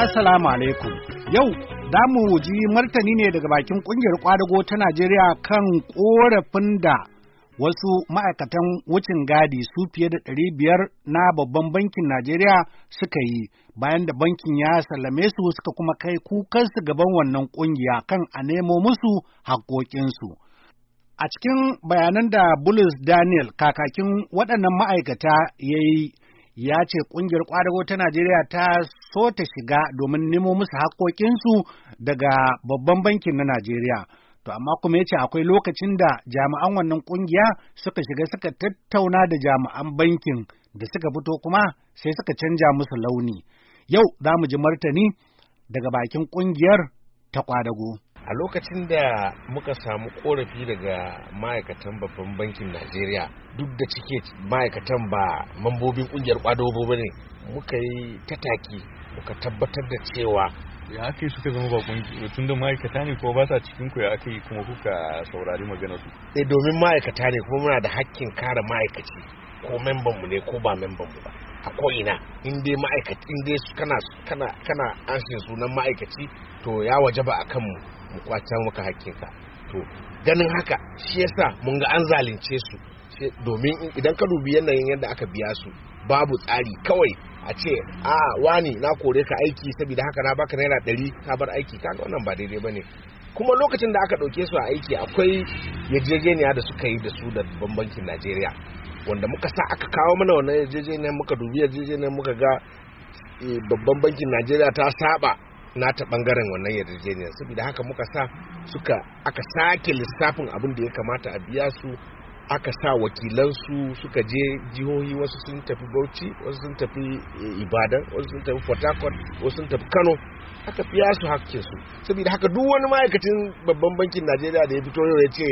Assalamu alaikum. Yau za mu ji martani ne daga bakin kungiyar kwadago ta Najeriya kan korafin da wasu ma'aikatan wucin gadi su fiye da ɗari biyar na babban bankin Najeriya suka yi bayan da bankin ya sallame su suka kuma kai kukansu gaban wannan kungiya kan a nemo musu haƙoƙinsu. A cikin bayanan da Bulus Daniel kakakin waɗannan ma'aikata ya yi ya ce ƙungiyar ƙwadago ta Najeriya ta so ta shiga domin nemo musu haƙoƙinsu daga babban bankin na Najeriya. To amma kuma ya ce akwai lokacin da jami'an wannan ƙungiya suka shiga suka tattauna da jami'an bankin da suka fito kuma sai suka canja musu launi. Yau za mu ji martani daga bakin ƙungiyar ta kwadago a lokacin da muka samu korafi daga ma'aikatan babban bankin najeriya duk da cike ma'aikatan ba mambobin kungiyar kwadobo ba ne muka yi tataki muka tabbatar da cewa ya ake suka zama bakon tun da ma'aikata ne ko ba sa cikin ku ya aka yi kuma kuka saurari magana su eh domin ma'aikata ne kuma muna da hakkin kare ma'aikaci ko memban mu ne ko ba memban mu ba a ina in dai ma'aikaci in dai kana kana kana anshin sunan ma'aikaci to ya wajaba a kanmu mu kwace maka hakkinka to ganin haka shi yasa mun ga an zalunce su domin idan ka dubi yanayin yadda aka biya su babu tsari kawai a ce a wani na kore ka aiki saboda haka na baka naira ɗari ka bar aiki kaga wannan ba daidai bane kuma lokacin da aka ɗauke su a aiki akwai yarjejeniya da suka yi da su da bankin najeriya wanda muka sa aka kawo mana wannan yarjejeniyar muka dubi yarjejeniyar muka ga eh, babban bankin najeriya ta saba nata bangaren wannan yarjejeniyar saboda haka muka sa suka aka sake lissafin abin da ya kamata a biya su aka sa wakilansu suka je jihohi wasu sun tafi bauchi wasu sun tafi eh, ibadan wasu sun tafi port harcourt wasu sun tafi kano aka biya su haƙƙinsu. saboda haka duk wani ma'aikacin babban bankin najeriya da ya fito yau ya ce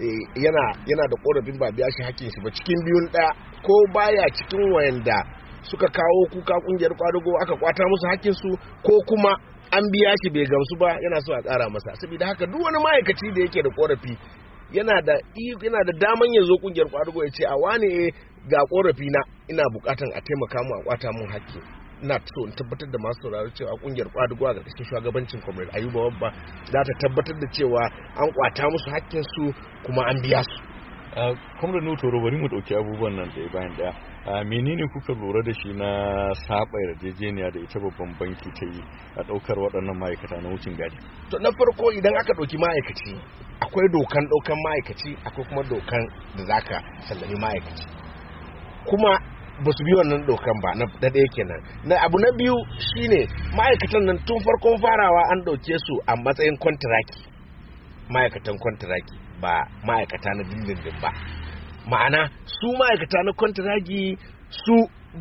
eh, yana da korafin ba biya shi shi ba cikin biyun ɗaya ko baya cikin wayanda suka kawo kuka kungiyar kwadugo aka kwata musu su ko kuma an biya shi bai gamsu ba yana so a ƙara masa saboda haka duk wani ma'aikaci da yake da korafi yana da yana daman ya zo kungiyar kwadugo ya ce a wane eh, ga korafi na ina bukatan a taimaka mu a kwata mun hakki Ina so in tabbatar da masu sauraro cewa kungiyar kwadugo a ƙarƙashin shugabancin comrade ayuba babba za ta tabbatar da cewa an kwata musu hakkin su kuma an biya su uh, comrade nutoro bari mu dauki abubuwan nan ɗaya bayan daya. a menene kuka lura da shi na saba yarjejeniya da ita babban banki ta yi a daukar waɗannan ma'aikata na wucin gadi to na farko idan aka ɗauki ma'aikaci akwai dokan ɗaukan ma'aikaci akwai kuma dokan da zaka sallami ma'aikaci kuma ba su bi wannan dokan ba na ɗaya kenan na abu na biyu shine ma'aikatan nan tun farkon farawa an ɗauke su a matsayin kwantiraki ma'aikatan kwantiraki ba ma'aikata na dindindin ba ma'ana su ma'aikata na kwantaragi su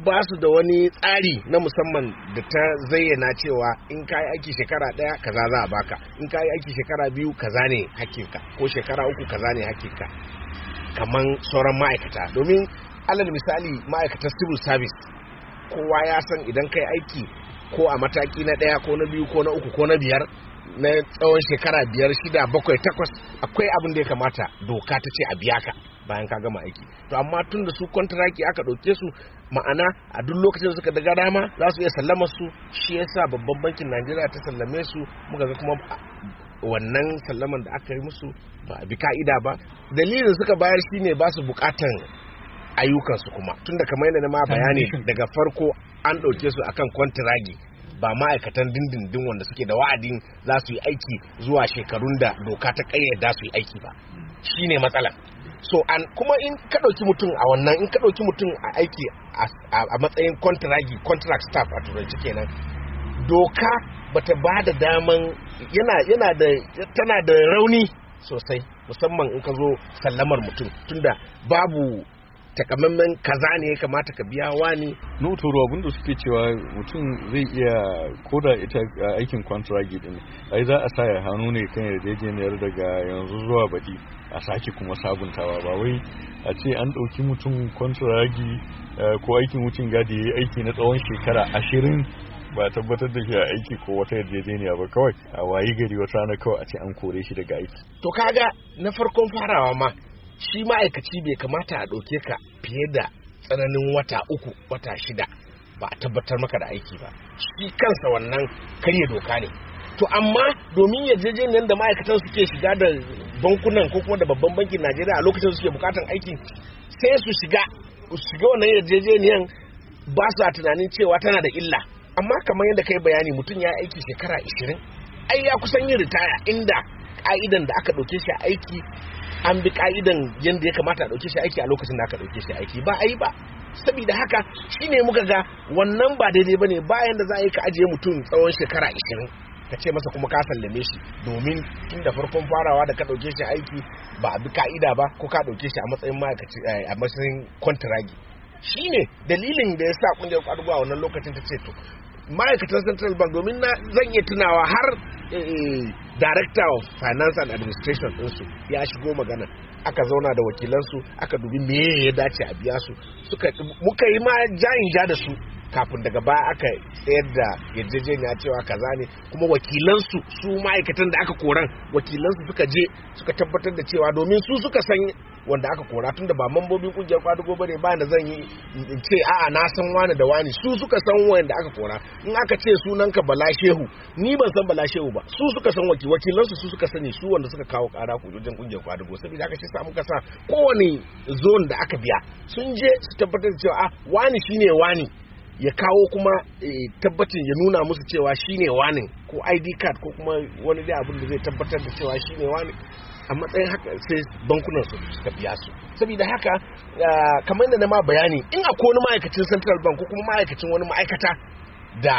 ba su da wani tsari na musamman da ta zayyana cewa in ka yi aiki shekara ɗaya kaza za a baka in ka yi aiki shekara biyu kaza ne hakinka ko shekara uku kaza ne hakinka kamar sauran ma'aikata domin alal misali ma'aikatar civil service kowa ya san idan ka yi aiki ko a mataki na ɗaya ko na biyu ko na uku ko na biyar na tsawon shekara biyar shida bakwai takwas akwai abin da ya kamata doka ta ce a biya ka bayan ka gama aiki to amma tun da su kwantaraki aka ɗauke su ma'ana a duk lokacin da suka daga dama za su iya sallama su shi yasa babban bankin najeriya ta sallame su muka ga kuma wannan sallaman da aka yi musu ba bi ka'ida ba dalilin suka bayar shine ba su bukatan ayyukansu kuma tunda kamar yadda na ma bayani daga farko an ɗauke su akan kwantiragi ba ma'aikatan dindindin wanda suke da wa'adin za su yi aiki zuwa shekarun da doka ta ƙayyada su yi aiki ba Shi ne matsalar so an kuma in ka ɗauki mutum a wannan in ka mutum a aiki a matsayin kontragi contract staff a turanci kenan doka ba ta ba da daman yana yana da tana da rauni sosai musamman in ka zo sallamar mutum tunda babu takamaiman kaza ne ya kamata ka biya wani no toro abin da suke cewa mutum zai iya koda ita aikin kwantiragi din ai za a sa hannu ne kan yarjejeniyar daga yanzu zuwa baɗi a sake kuma sabuntawa ba wai a ce an ɗauki mutum kwantiragi ko aikin wucin gadi ya yi aiki na tsawon shekara ashirin ba tabbatar da shi a aiki ko wata yarjejeniya ba kawai a wayi gari wata rana kawai a ce an kore shi daga aiki to kaga na farkon farawa ma shi ma'aikaci bai kamata a ɗauke ka fiye da tsananin wata uku wata shida ba a tabbatar maka da aiki ba shi kansa wannan karya doka ne to amma domin yarjejeniyar da ma'aikatan suke shiga da bankunan ko kuma da babban bankin najeriya a lokacin suke bukatan aiki sai su shiga shiga wannan yarjejeniyar ba su a tunanin cewa tana da illa amma kamar yadda kai bayani mutum ya aiki shekara 20 ai ya kusan yin ritaya inda ka'idan da aka ɗauke shi a aiki an bi ka'idan yadda ya kamata a ɗauke shi aiki a lokacin da aka ɗauke shi aiki ba a yi ba saboda haka shi ne muka ga wannan ba daidai ba ne bayan da za a yi ka ajiye mutum tsawon shekara ashirin ka ce masa kuma ka sallame shi domin tun da farkon farawa da ka ɗauke shi aiki ba a bi ka'ida ba ko ka ɗauke shi a matsayin ma'aikaci eh, a matsayin kwantiragi ne dalilin da ya sa ƙungiyar kwadugo a wannan lokacin ta ce to ma'aikatan central bank domin na zan iya tunawa har Eh, director of finance and administration ɗinsu ya shigo magana aka zauna da wakilansu aka dubi me ya dace a biya su muka yi ma jayin ja da su kafin daga baya aka tsayar da yarjejeniya cewa kaza ne kuma wakilansu su ma'aikatan da aka koran wakilansu suka je suka tabbatar da cewa domin su suka san wanda aka kora tunda ba mambobin kungiyar kwadugo bane ba da zan yi ce a'a na san wani da wani su suka san wanda aka kora in aka ce sunanka Bala Shehu ni ban san Bala Shehu ba su suka san waki wakilansu su suka sani su wanda suka kawo kara ku wajen kungiyar kwadugo saboda aka ce samu kasa kowane zone da aka biya sun je su tabbatar da cewa a wani shine wani ya kawo kuma eh, tabbacin ya nuna musu cewa shine wani ko id card ko kuma wani dai abin da zai tabbatar da cewa shine wani a matsayin haka sai bankunan su suka biya su saboda haka ah, kamar da na ma bayani in akwai wani ma'aikacin central bank ko kuma ma'aikacin wani ma'aikata da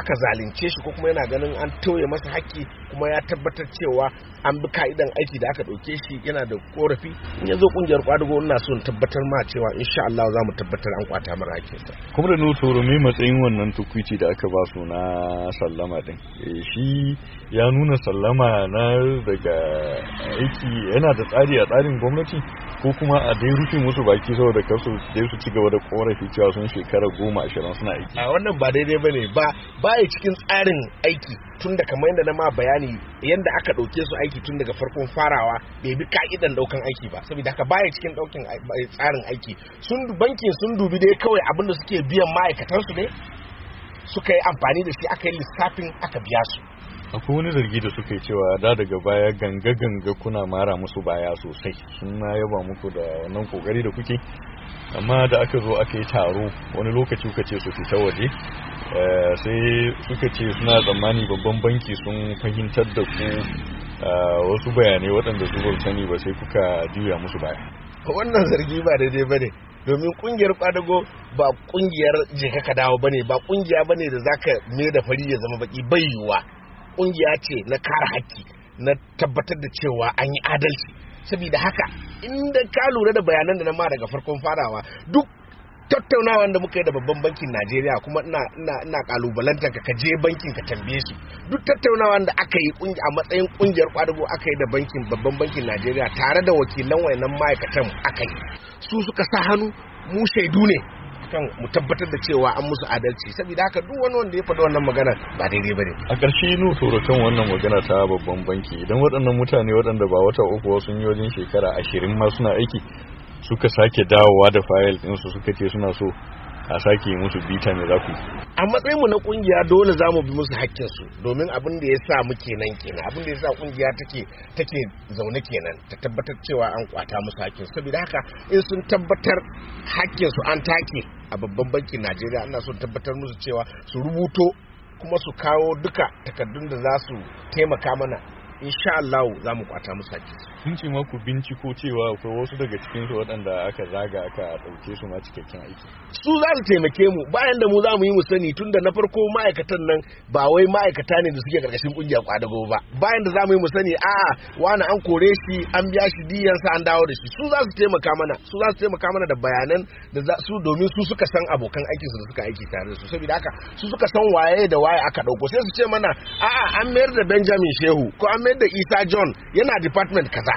aka zalunce shi ko kuma yana ganin an tauye masa haƙƙi kuma ya tabbatar cewa an bi ka'idan aiki da aka ɗauke shi yana da korafi in ya zo ƙungiyar kwadugo ina son tabbatar ma cewa insha Allah za mu tabbatar an kwata mara haƙƙinsa. kuma da nutoro me matsayin wannan tukwici da aka ba su na sallama din eh, shi ya nuna sallama na daga aiki yana da tsari a tsarin gwamnati ko kuma a dai rufe musu baki saboda kar su je su ci gaba da korafi cewa sun shekara goma ashirin suna aiki a wannan ba daidai bane ba ba ya cikin tsarin aiki tun da kamar yadda na ma bayani yadda aka ɗauke su aiki tun daga farkon farawa bai bi ka'idan ɗaukan aiki ba saboda haka baya cikin ɗaukin tsarin aiki sun bankin sun dubi dai kawai abin da suke biyan ma'aikatansu ne suka yi amfani da shi aka yi lissafin aka biya su akwai wani zargi da suka yi cewa da daga baya ganga ganga kuna mara musu baya sosai sun na yaba muku da nan kokari da kuke amma da aka zo aka yi taro wani lokaci suka ce su fita waje eh, sai suka ce suna tsammani babban banki sun fahimtar da ku eh, wasu bayanai waɗanda su ba sani ba sai kuka juya musu baya wannan zargi ba daidai ba ne domin kungiyar kwadago ba kungiyar jeka ka dawo bane ba kungiya bane da zaka me da fari ya zama baki bai yiwuwa kungiya ce na kare haƙƙi na tabbatar da cewa an yi adalci saboda haka inda ka lura da bayanan da na ma daga farkon farawa duk tattaunawa da muka yi da babban bankin Najeriya kuma ina kalubalantar ka je bankin ka tambaye su duk tattaunawa da aka yi a matsayin kungiyar kwadugo aka yi da bankin babban bankin Najeriya tare da wakilan wayannan ma'aikatan aka yi su suka sa hannu mu shaidu ne kan mu tabbatar da cewa an musu adalci saboda haka duk wani wanda ya faɗi wannan magana ba daidai bane a ƙarshe nu kan wannan magana ta babban banki idan waɗannan mutane waɗanda ba wata uku ba sun yi wajen shekara ashirin ma suna aiki suka sake dawowa da fayil ɗinsu suka ce suna so a sake musu bita mai zaku a matsayin mu na kungiya dole za mu bi musu hakkin su domin abin da ya sa nan kenan abin da ya kungiya take take zaune kenan ta tabbatar cewa an kwata musu hakkin saboda haka in sun tabbatar hakkin su an take a babban bankin Najeriya ana son tabbatar musu cewa su rubuto kuma su kawo duka takardun da za su taimaka mana insha Allah za mu kwata musu hakkin su sun ce maku binciko cewa akwai wasu daga cikin su waɗanda aka zaga aka ɗauke su ma cikakken aiki su za su taimake mu bayan da mu za mu yi mu sani da na farko ma'aikatan nan ba wai ma'aikata ne da suke karkashin kungiyar kwadago ba bayan da za mu yi mu sani a'a wani an kore shi an biya shi sa an dawo da shi su za su taimaka mana su za su taimaka mana da bayanan da su domin su suka san abokan aikin su da suka aiki tare da su saboda haka su suka san waye da waye aka dauko sai su ce mana a'a an mayar da Benjamin Shehu ko an mayar da Isa John yana department kaza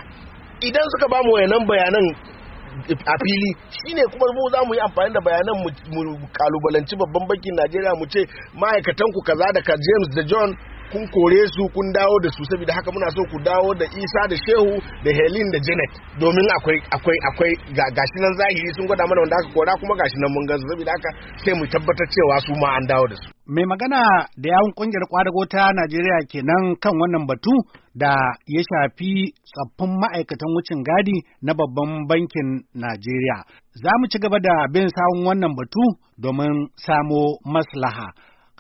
idan suka ba mu wayanan bayanan a fili shi ne kuma mu za mu yi amfani da bayanan mu kalubalanci babban bankin Najeriya mu ce ma'aikatan ku kaza da ka James da John kun kore su kun dawo da su saboda haka muna so ku dawo da Isa da Shehu da helin da Janet domin akwai akwai akwai gashi nan zahiri sun gwada mana wanda aka kora kuma gashi nan mun gansu saboda haka sai mu tabbatar cewa su ma an dawo da su mai magana da yawun kungiyar kwadago ta Najeriya kenan kan wannan batu da ya shafi tsaffin ma'aikatan wucin gadi na babban bankin Najeriya. Za mu ci gaba da bin sawun wannan batu domin samo maslaha.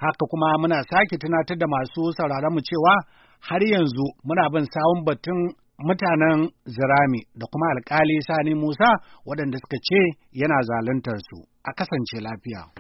Haka kuma muna sake tunatar da masu sauraron mu cewa har yanzu muna bin sawun batun mutanen Zirami da kuma alkali Sani Musa waɗanda suka ce yana zaluntar su. A kasance lafiya.